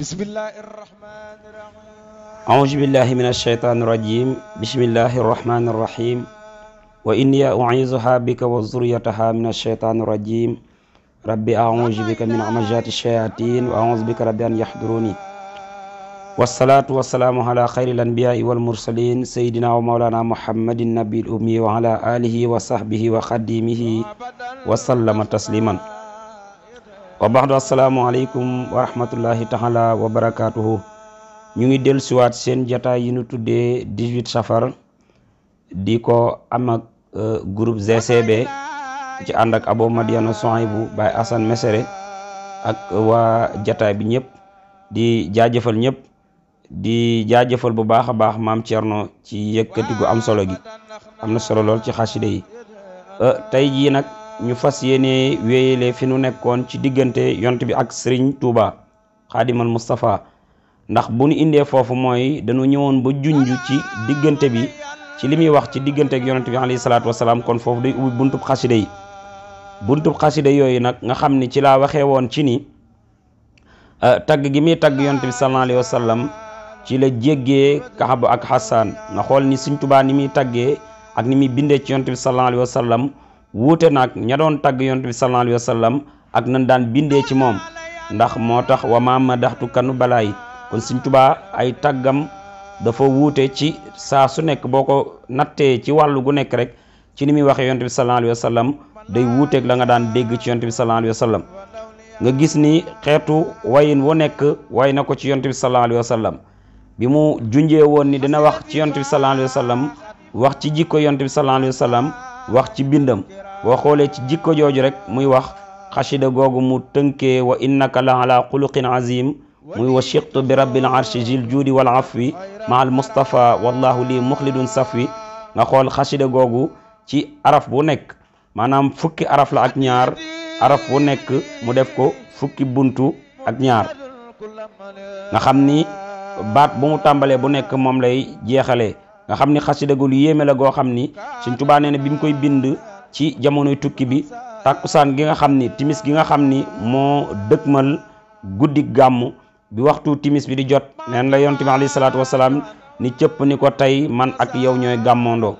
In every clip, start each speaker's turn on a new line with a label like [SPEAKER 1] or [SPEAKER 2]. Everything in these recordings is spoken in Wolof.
[SPEAKER 1] bismillahi arrahmani irrahim aousubillahi min alsheytaani irrajim bismillahi arrahmani irrahim wa inniya uizuha bika wa zuriyataha min alsheytaani irrajim rabbi aousu bika min amajati shayatin wa aousu bika rabbi an yahduruni wasalaatu wasalaamu ala xayril anbiyaai walmursalin sayidina wa maolana muhammadin nabil ummi wa ala alihi wa sahbihi wa xadimihi wa sallama tasliman wa baxdu asalaamualeykum wa rahmatullahi taala wa barakaatuhu ñu ngi dellu siwaat seen jataay yi ñu tuddee 18 safar di ko am ak euh, groupe GCB ci ànd ak abo madiana Sohaybu Baay assan Mesere ak wa jataay bi ñëpp di jaajëfal ñëpp di jaajëfal bu baax a baax maam Cerno ci yëkkati gu am solo gi am na solo lool ci xaside yi euh, nag ñu fas yéene wéyale fi nu nekkoon ci diggante yont bi ak sëriñ Touba xaadimal Moustapha ndax bu nu indee foofu mooy dañu ñëwoon ba junj ci diggante bi ci li muy wax ci diggante ak yonent bi alayhi salaatu wasalaam kon foofu day ubbi buntub xasida yi buntub xasida yooyu nag nga xam ni ci laa waxee woon ci ni euh, tagg gi muy tagg yont bi sallallahu alayhi wasallam ci la jéggee Kaab ak Xasaan nga xool ni Sëñ Tuubaa ni muy taggee ak ni muy bindee ci yont bi sallallahu alayhi wuute nag ña doon tàgg yonent bi sallallahu alayhi wa sallam ak nan daan bindee ci moom ndax moo tax wa maam ma daxtu kanu balaa yi kon Sëñ Tuubaa ay tàggam dafa wuute ci saa su nekk boo ko nattee ci wàllu gu nekk rek ci ni muy waxee yonent bi sallallahu alayhi wa sallam day wuuteeg la nga daan dégg ci yonent bi sallallahu alayhi wa nga gis ni xeetu wayin wu nekk way na ko ci yonent bi sallallahu alayhi wa sallam bi mu junjee woon ni dina wax ci yonent bi sallallahu alayhi wa wax ci jikko yonent bi sallallahu alayhi wax ci bindam boo xoolee ci jikko jooju rek muy wax xasida googu mu tënkee wa innaka la ala xuluqin azim muy wa chiqtu bi rabbil arshi jil juudi wal afwi ma al mustafa wallahu li saf safwi nga xool xasida googu ci araf bu nekk maanaam fukki araf la ak ñaar araf wu nekk mu def ko fukki buntu ak ñaar nga xam ni baat bu mu tàmbalee bu nekk moom lay jeexale nga xam ni xasida gu lu yéeme la goo xam ni Sëñ Tuubaa nee bi mu koy bind ci jamonoy tukki bi tàkkusaan gi nga xam ni timis gi nga xam ni moo dëkkmal guddi gàmm bi waxtu timis bi di jot neen la yonent bi salaatu wasalaam ni cëpp ni ko tey man ak yow ñooy gàmmoondoo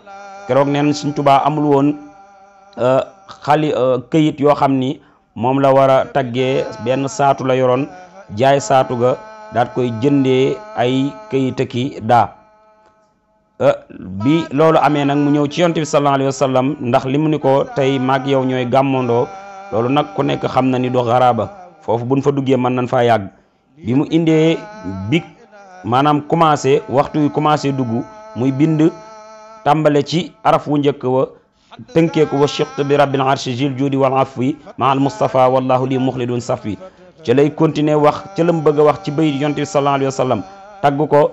[SPEAKER 1] keroog neen suñ tubaa amul woon euh, xali euh, këyit yoo xam ni moom la war a taggee benn saatu la yoroon jaay saatu ga daat koy jëndee ay ki daa Euh, bi loolu amee nag mu ñëw ci yonte bi sallallahu alayhi wa ndax li mu ni ko tey mag yow ñooy gàmmandoo loolu nag ku nekk xam na ni do xaraaba foofu buñ fa duggee mën nañ faa yàgg bi mu indee big maanaam commencé waxtu wi commencé dugg muy bind tàmbale ci araf wu njëkk wa tënkee wa shiqt bi rabbil arshi jil juudi wal afwi ma al mustafa wallahu li muxlidun safi ci lay continuer wax ci lam bëgg wax ci bayit yonte bi sallallahu tagg ko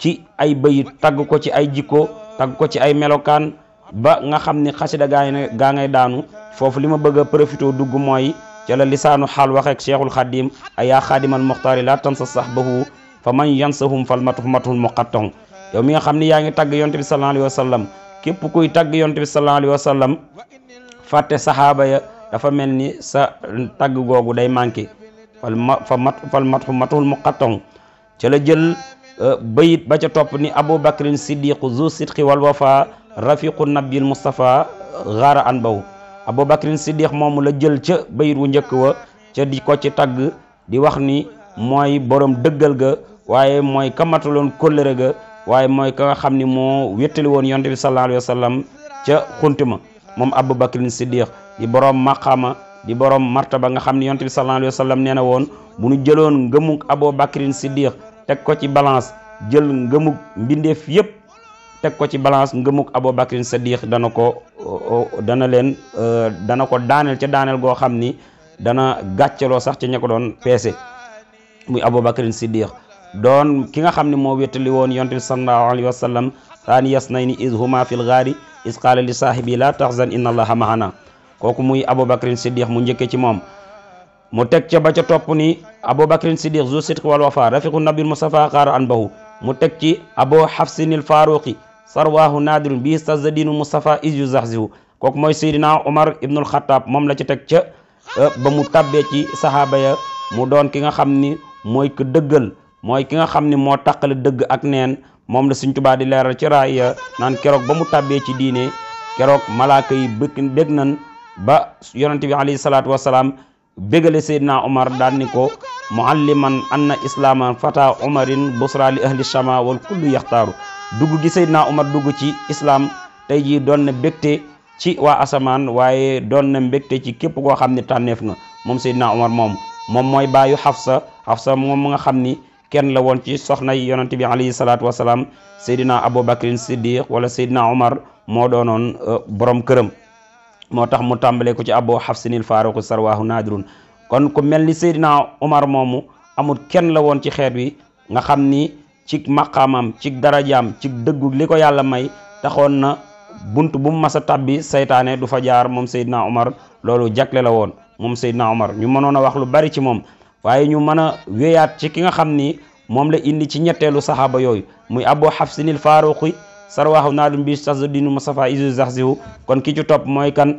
[SPEAKER 1] ci ay bayit tagg ko ci ay jikko tagg ko ci ay melokaan ba nga xam ni xasida gaa ngay gaa ngay daanu foofu li ma bëgg a profité dugg mooy ca la lisaanu xaal waxee ak cheikhul xadim ayaa xaadimal moxtaari laa tansa sahbahu fa man yansahum fal matu matul muqattong yow mi nga xam ni yaa ngi tagg yonte bi sallallahu alayhi képp kuy tagg yonte bi sallallahu alayhi wa saxaaba ya dafa mel ni sa tagg googu day manqué fal ma fa mat fal matu matul muqattong ca la jël Euh, bayit ba ca topp ni abou bakrin siddiqu zu sidqi wal wafa rafiqu nabil moustapha xaara an baw abou bakrin siddiq la jël ca bayit wu njëkk wa ca di ko ci tagg di wax ni mooy borom dëggal ga waaye mooy ka mataloon ga waaye mooy ka nga xam ni moo wéttali woon yonte bi sallallahu alayhi wa ca xunt ma moom abou bakrin siddiq di borom maqama di borom martaba nga xam ni yonte bi sallallahu alayhi wa sallam nee na woon bu nu jëloon ngëmu abou bakrin siddiq teg ko ci balance jël ngëmug mbindeef yëpp teg ko ci balance ngëmug Abubakrin Sadiq dana ko dana leen euh, dana ko daaneel ca daaneel goo xam ni dana gàccaloo sax ca ña ko doon peese muy Abubakrin Sadiq doon ki nga xam ni moo wéttali woon yonte bi sallallahu alayhi wa sallam saani yasnayni ni huma fil gaari iz qaala li saahibi la tahzan inna allaha maana kooku muy Abubakrin Siddiq mu njëkkee ci moom mu teg ca ba ca topp ni aboubacrin siddiq zu sidq wal wafa rafiqu nabil mustafa xaara an bahu mu teg ci abo xafsinil faruqi sarwaahu naadirun bi stazadinu mustafa is yu zahzihu kooku mooy seydina omar ibnul xataab moom la ci teg ca euh, ba mu tabbee ci sahaaba ya mu doon ki nga xam ni mooy ko dëggal mooy ki nga xam ni moo taqale dëgg ak neen moom la Sëriñ Tuubaa di leeral ci raaya naan keroog ba mu tàbbee ci diine keroog malaaka yi bëgg dégg nan ba yonente bi alayhi salaatu bégale seydna omar daan ni ko mualliman anna islaaman fata omarin busra li ahli shama wal kullu yaxtaaru dugg gi seydna omar dugg ci islaam tey jii doon na mbégte ci waa asamaan waaye doon na mbégte ci képp koo xam ne tànneef nga moom seydna omar moom moom mooy baayu xafsa xafsa moom nga xam ni kenn la woon ci soxna yi yonante bi alayhi salaatu wasalaam seydina abou bakrin siddiq wala seydina omar moo doonoon euh, borom këram moo tax mu tàmbalee ko ci aboo xafsinil faaruqu sarwaahu naadirun kon ku mel ni Seydina Omar moomu amul kenn la woon ci xeet wi nga xam ni ci maqaamam ci darajaam ci dëggu li ko yàlla may taxoon na bunt bu mu a tàbbi saytaane du fa jaar moom Seydina Omar loolu jagle la woon moom Seydina Omar ñu mënoon a wax lu bari ci moom waaye ñu mën a wéyaat ci ki nga xam ni moom la indi ci ñetteelu saxaaba yooyu muy aboo xafsinil faaruqi sarwaaxu naa dum bi sax dinu mustafa isu sax kon ki ci topp mooy kan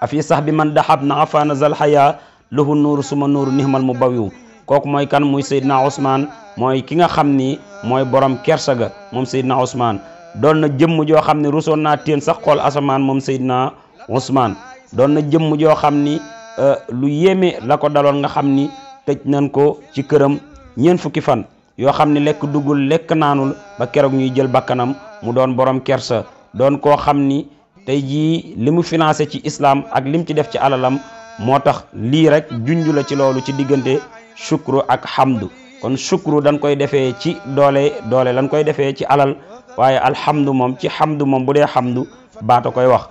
[SPEAKER 1] afi sax bi man daxab na afaana zalxaya lahu nuuru suma nuuru nihmal mu bawiw kooku mooy kan muy Seydina Ousmane mooy ki nga xam ni mooy borom kersa ga moom Seydina Ousmane doon na jëmm joo xam ne rusoon naa téen sax xool asamaan moom Seydina Ousmane doon na jëmm joo xam ni euh, lu yéeme la ko daloon nga xam ni tëj nañ ko ci këram ñeent fukki fan yoo xam ne lekk duggul lekk naanul ba keroog ñuy jël bakkanam mu doon borom kersa doon koo xam ni tey jii li mu financé ci islaam ak lim ci def ci alalam moo tax lii rek junj la ci loolu ci diggante shukru ak xamdu kon shukru dañ koy defee ci doole doole lañ koy defee ci alal waaye alhamdu moom ci hamdu moom bu dee hamdu baata koy wax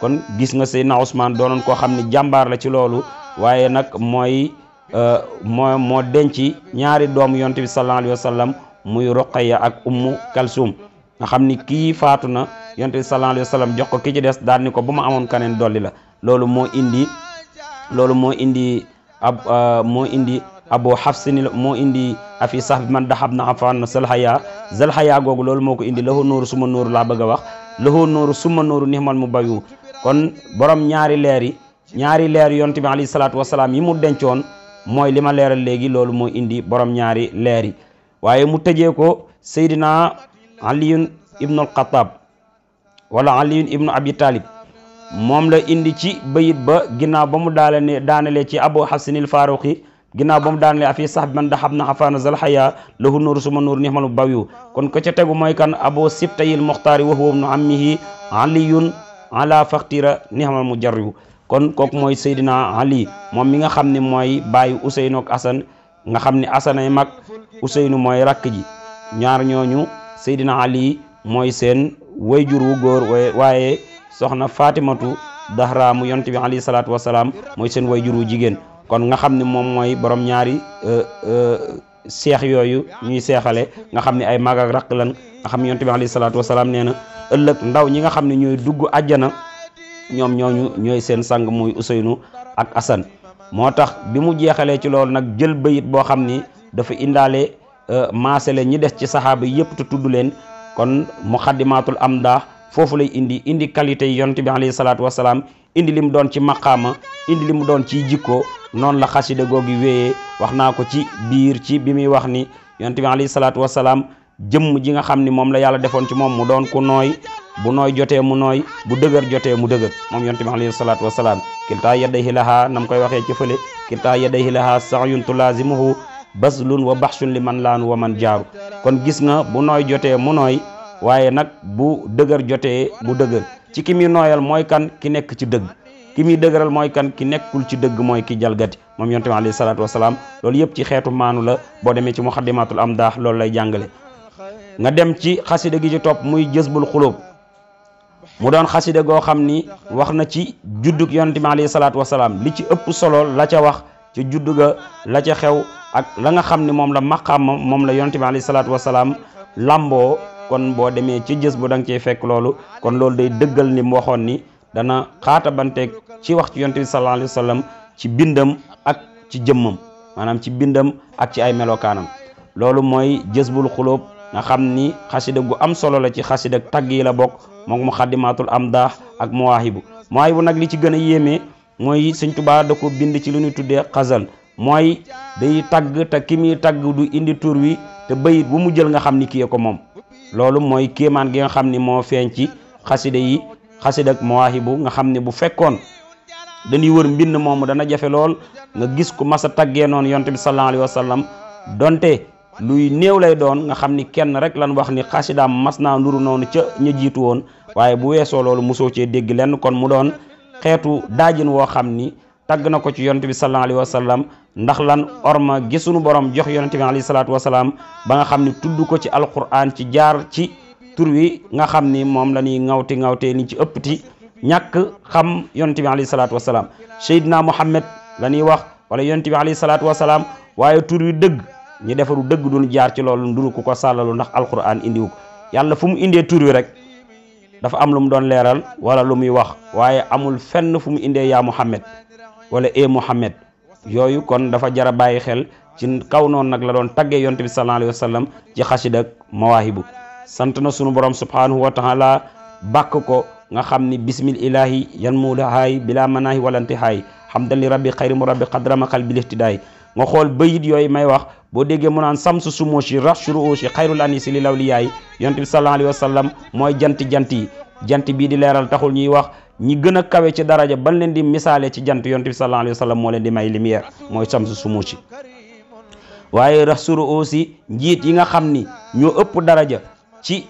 [SPEAKER 1] kon gis nga si Seydina Ousmane doonoon koo xam ne jàmbaar la ci loolu waaye nag mooy Euh, moo moo denc ñaari doom yonte bi sallallahu alayhi wa sallam muy Ruqayya ak Ummu Kalsum nga xam ni kii faatu na yonte bi sallallahu alayhi wa sallam jox ko ki ci des daan ni ko bu ma amoon kaneen dolli la loolu moo indi loolu moo indi ab euh, moo indi abu xafsini moo indi afi sax man man daxab na afan salxaya zalxaya googu loolu moo ko indi lahu nooru suma nooru laa bëgg a wax lahu nooru suma nooru nixmal mu bayu kon borom ñaari leer yi ñaari leer yonte bi alayhi salaatu wasalaam mooy li ma leeral léegi loolu moo indi borom ñaari leer yi waaye mu tëjee ko seydina aliyun ibnu alxataab wala aliyun ibnu abi talib moom la indi ci bayit ba ginnaaw ba mu daale daanale ci abu xasanil faaruqi ginnaaw ba mu daanale afi sax bi man da xam na xafaana zal xaya lahu nuuru suma nuur nixmal kon ko tegu mooy kan abu sibtayil muxtaari wa huwa ibnu ammihi aliyun ala faxtira nixmal mu jarriyu kon kooku mooy Seydina Ali moom mi nga xam ne mooy bàyyi Ousseynou ak nga xam ni Assane ay mag Ousseynou mooy rakk ji ñaar ñooñu Seydina Ali mooy seen wayjur wu góor waaye soxna faatimatu Dahra mu yonent bi salaatu wasalaam mooy seen wayjur wu jigéen kon nga xam ni moom mooy boroom ñaari euh, euh, seex yooyu ñuy seexale nga xam ni ay mag ak lan nga xam ne yonent bi alayhi salaatu wasalaam nee na ëllëg ndaw ñi nga xam ne ñooy dugg àjjana ñoom ñooñu ñooy seen sang muy Ousseynou ak Assane moo tax bi mu jeexalee ci loolu nag jël bayit boo xam ni dafa indaale euh, maasale ñi des ci saxaaba yëpp te tudd leen kon mu am amda foofu lay indi indi qualité yi yonent bi alayhi salaatu wasalaam indi li mu doon ci maqaama indi li mu doon ci jikko noonu la xasida googu wéyee wax naa ko ci biir ci bi muy wax ni yonent bi salaatu wasalaam jëmm ji nga xam ni moom la yàlla defoon ci moom mu doon ku nooy bu nooy jotee mu nooy bu dëgër jotee mu dëgër moom yonte bi alayhi salaatu wasalaam kiltaa yadayhi lahaa nam koy waxee ci fële kiltaa yadayhi lahaa saxyun tulaazimuhu baslun wa baxshun li man laanu wa man jaaru kon gis nga bu nooy jotee mu nooy waaye nag bu dëgër jotee mu dëgër ci ki muy nooyal mooy kan ki nekk ci dëgg ki muy dëgëral mooy kan ki nekkul ci dëgg mooy ki jalgati moom yonte bi alayhi salaatu wasalaam loolu yëpp ci xeetu maanu la boo demee ci mu am daax loolu lay jàngale nga dem ci xasida gi ci topp muy jësbul xulóob mu doon xasida goo xam ni wax na ci juddug yonent bi alayhi salaatu li ci ëpp solo la ca wax ci juddu la ca xew ak la nga xam ni moom la maqaama moom la yonent bi alayhi salaatu wasalaam lamboo kon boo demee ci jës bu da nga cey fekk loolu kon loolu day dëggal ni mu waxoon ni dana xaata banteeg ci wax ci yonent bi sallallahu ci bindam ak ci jëmmam maanaam ci bindam ak ci ay melokaanam nga xam ni xasida gu am solo la ci xasida tagg yi la bokk moom muxaddimaatul am daax ak mawaahibu mawaahibu nag li ci gën a yéeme mooy sëñ Tuubaa da ko bind ci lu ñu tuddee xasal mooy day tagg te ki muy tagg du indi tuur wi te bayit bu mu jël nga xam ni kii ko moom loolu mooy kéemaan gi nga xam ni moo feeñ ci xasida yi xasida ak mawaahibu nga xam ni bu fekkoon dañuy wër mbind moomu dana jafe lool nga gis ku masa taggee noonu yonte bi sala luy néew lay doon nga xam ni kenn rek lan wax ni xasidaam mas naa nduru noonu ca ña jiitu woon waaye bu weesoo loolu mosoo cee dégg lenn kon mu doon xeetu daajin woo xam ni tagg na ko ci yonent bi sallallahu alayhi wa sallam ndax lan orma gi sunu borom jox yonent bi alayhi salaatu wa salaam ba nga xam ni tudd ko ci alquran ci jaar ci tur wi nga xam ni moom la ñuy ŋawti ŋawtee ni ci ëppti ñàkk xam yonent bi alayhi salaatu wa salaam Muhammad la wax wala yonent bi alayhi wa salaam waaye tur dëgg. ñu defaru dëgg duñ jaar ci loolu nduru ku ko sàllalu ndax alquran indiwu ko yàlla fu mu indee tur rek dafa am lu mu doon leeral wala lu muy wax waaye amul fenn fu mu indee yaa Muhammad wala e Muhammad yooyu kon dafa jara bàyyi xel ci kaw noonu nag la doon taggee yonte bi sallallahu alayhi wa sallam ci xasida ak mawaahibu sant na sunu borom subhanahu wa bàkk ko nga xam ni bismil ilahi yan muulahaay bila manaahi walanti haay hamdan li rabbi xayri mu rabbi xadrama xal bilihtidaay nga xool bayit yooyu may wax boo déggee mu naan samsu sumoo si rashru aussi xayrul si li law li yaay yonent bi sallallahu alayhi wa sallam mooy jant-jant yi jant bii di leeral taxul ñuy wax ñi gën a kawe ci daraja ban leen di misaale ci jant yonent bi sallallahu alayhi wa moo leen di may lumière mooy samsu sumoo si waaye njiit yi nga xam ni ñoo ëpp daraja ci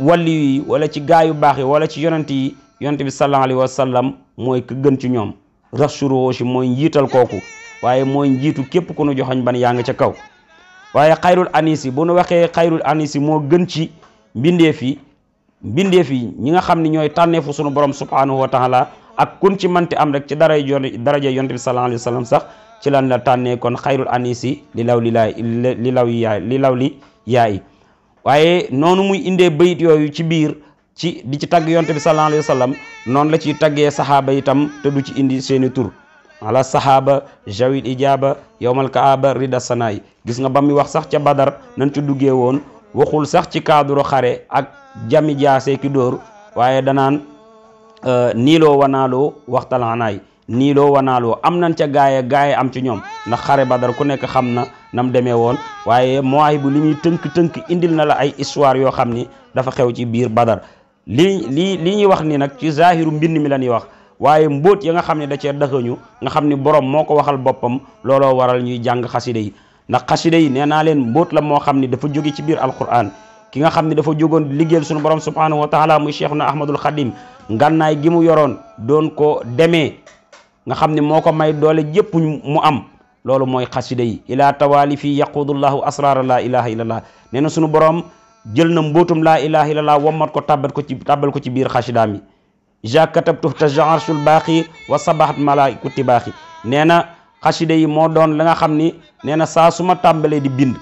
[SPEAKER 1] walli yi wala ci gaayu baax yi wala ci yonent yi yonent bi sallallahu sallam mooy gën ci ñoom rashru aussi mooy njiital kooku waaye mooy njiitu képp ku nu joxoñ ban yaa nga ca kaw waaye xayrul anis yi bu nu waxee xayrul anis moo gën ci mbindeef yi mbindeef yi ñi nga xam ne ñooy tànneefu sunu borom subhanahu wa la ak kun ci manti am rek ci daray daraja yonte bi sallallahu alayhi wa sax ci lan la tànnee kon xayrul anis yi li law li laay yi yaay li law li yaay waaye noonu muy indee bayit yooyu ci biir ci di ci tagg yonte bi sallallahu alayhi wa sallam noonu la ciy taggee saxaaba itam te du ci indi seeni tur ala sahaba jawil ijaba yowmal kaaba rida sanaay gis nga ba muy wax sax ca badar nan ci duggee woon waxul sax ci cadre xare ak jami jaase ki door waaye danaan euh, niiloo wanaaloo waxtalanaay niiloo wanaaloo am nañ ca gaaya gaaya am ci ñoom ndax xare badar ku nekk xam na nam deme woon waaye Mawaahibu li muy tënk-tënk indil na la ay histoire yoo xam ni dafa xew ci biir badar li li li ñuy wax ni nag ci zahiru mbind mi la ñuy wax waaye mbóot ya nga xam ne da cee ñu nga xam ni borom moo ko waxal boppam looloo waral ñuy jàng xasida yi ndax xasida yi nee naa leen mbóot la moo xam ni dafa jóge ci biir alquran ki nga xam ne dafa jógoon liggéeyal suñu borom subhanahu wa taala muy cheikhuna ahmadul xadim ngànnaay gi mu yoroon doon ko demee nga xam ne moo ko may doole yépp mu am loolu mooy xasida yi ila tawaali fii yaqudullahu asrara la ilaha illallah nee na suñu borom jël na mbóotum laa ilaha illallah wammat ko tàbbat ko ci tàbbal ko ci biir xasidaam yi jakatab tuf ta jaarsul baaxi wa sabahat malaikuti baaxi nee na xasida yi moo doon la nga xam ni nee na saa su ma tàmbalee di bind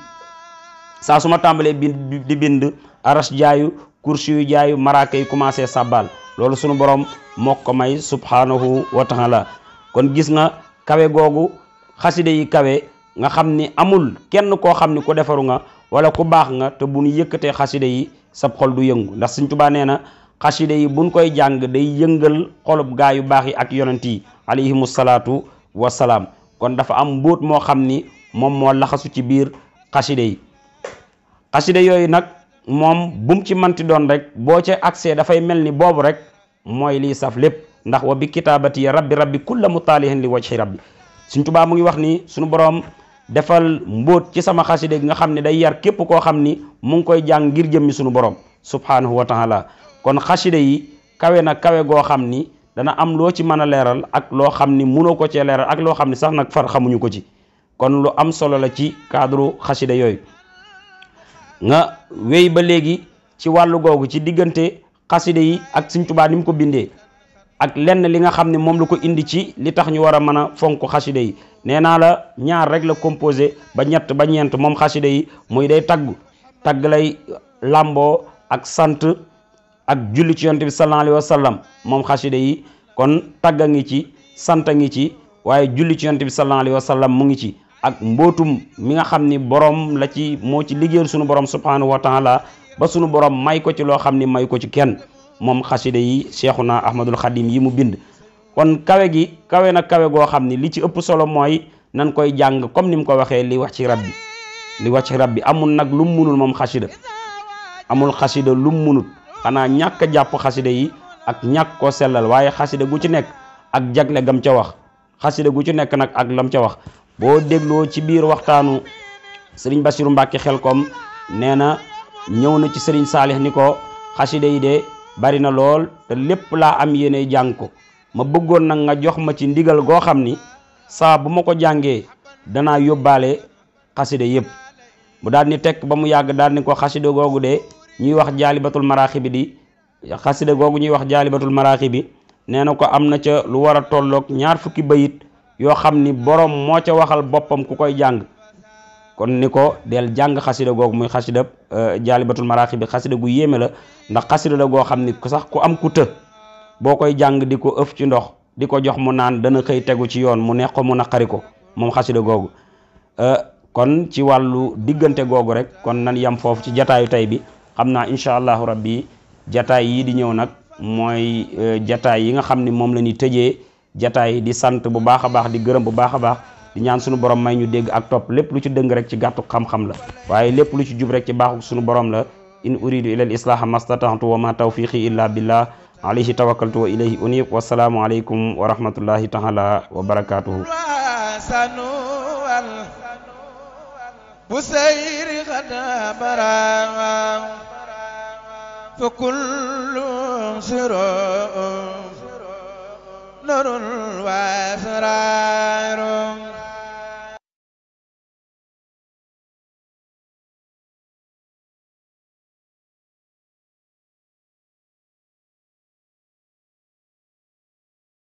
[SPEAKER 1] saa su ma tàmbalee bind di bind aras jaayu kursi yu jaayu maraaka yi commencé sabbal loolu sunu borom moo ko may subhanahu wa taala kon gis nga kawe googu xasida yi kawe nga xam ni amul kenn koo xam ni ku defaru nga wala ku baax nga te bu ñu yëkkatee xasida yi sab xol du yëngu ndax Sëñ Tuubaa nee xasida yi buñ koy jàng day yëngal xolub gaa yu baax yi ak yonent yi alayhimu salaatu wasalaam kon dafa am mbóot moo xam ni moom moo laxasu ci biir xasida yi xasida yooyu nag moom bum ci manti doon rek boo ci accès dafay mel ni boobu rek mooy liy saf lépp ndax wa bi kitaabati rabbi rabbi kulla mu taalihin li wajhi rabbi suñ tubaa mu ngi wax ni suñu boroom defal mbóot ci sama xaside gi nga xam ne day yar képp koo xam ni mu ngi koy jàng ngir jëmmi suñu boroom subhanahu wa taala kon xasida yi kawe na kawe goo xam ni dana am loo ci mën a leeral ak loo xam ni mënoo ko cee leeral ak loo xam ni sax nag far xamuñu ko ci kon lu am solo la ci cadre xasida yooyu nga wéy ba léegi ci wàllu googu ci diggante xasida yi ak Sëñ Tuubaa ni mu ko bindee ak lenn li nga xam ne moom la ko indi ci li tax ñu war a mën a fonk xasida yi nee naa la ñaar rek la composé ba ñett ba ñeent moom xasida yi muy day taggu tagg lay làmboo ak sant ak julli ci yonte bi sallallahu alayhi wa sallam moom xasida yi kon tagga ngi ci santa ngi ci waaye julli ci yonte bi sallallahu alayhi wa sallam mu ngi ci ak mbootum mi nga xam ni borom la ci moo ci liggéeyal sunu borom subhanahu wa taala ba sunu borom may ko ci loo xam ni may ko ci kenn moom xasida yi Cheikhuna Ahmadul Xadim yi mu bind kon kawe gi kawe na kawe goo xam ni li ci ëpp solo mooy nan koy jàng comme ni mu ko waxee li wax ci rab bi li wax ci rab bi amul nag lu mu munul moom xasida amul xasida lu mu xanaa ñàkk jàpp xasida yi ak ñàkk koo sellal waaye xasida gu ci nekk ak jagle gam ca wax xasida gu ci nekk nag ak lam ca wax boo dégloo ci biir waxtaanu sëriñ Basiru xel koom nee na ñëw na ci sëriñ Saalix ni ko xasida yi de bari na lool te lépp laa am yéene jàng ko ma bëggoon nag nga jox ma ci ndigal goo xam ni saa bu ma ko jàngee danaa yóbbaale xasida yëpp mu daal ni tekk ba mu yàgg daal ni ko xasida googu de ñuy wax jaalibatul maraaxi bi di xasida googu ñuy wax jaalibatul maraaxi bi nee na ko am na ca lu war a tolloog ñaar fukki bayit yoo xam ni borom moo ca waxal boppam ku koy jàng kon ni ko del jàng xasida googu muy xasida euh, jaalibatul maraaxi bi xasida gu yéeme la ndax xasida la goo xam ni sax ku am ku të boo koy jàng di ko ëf ci ndox di ko jox mu naan dana xëy tegu ci yoon mu neex ko mu naqari ko moom xasida googu euh, kon ci wàllu diggante googu rek kon nan yam foofu ci jataayu tey bi xam naa incha allahu rabbi jataay yii di ñëw nag mooy euh, jataay yi nga xam ni moom la ñuy tëjee jataay di sant bu baax a baax di gërëm bu baax a baax di ñaan sunu borom may ñu dégg ak topp lépp lu ci dëng rek ci gàttu xam-xam la waaye lépp lu ci jub rek ci baaxu sunu borom la in uridu ila al islaha mastata'tu wa ma tawfiqi illa billah alayhi tawakkaltu wa ilayhi unib wasalaamu aleykum wa rahmatullahi taala wa barakatuhu sanwal bu sayri xada فكل سراء نور وسرار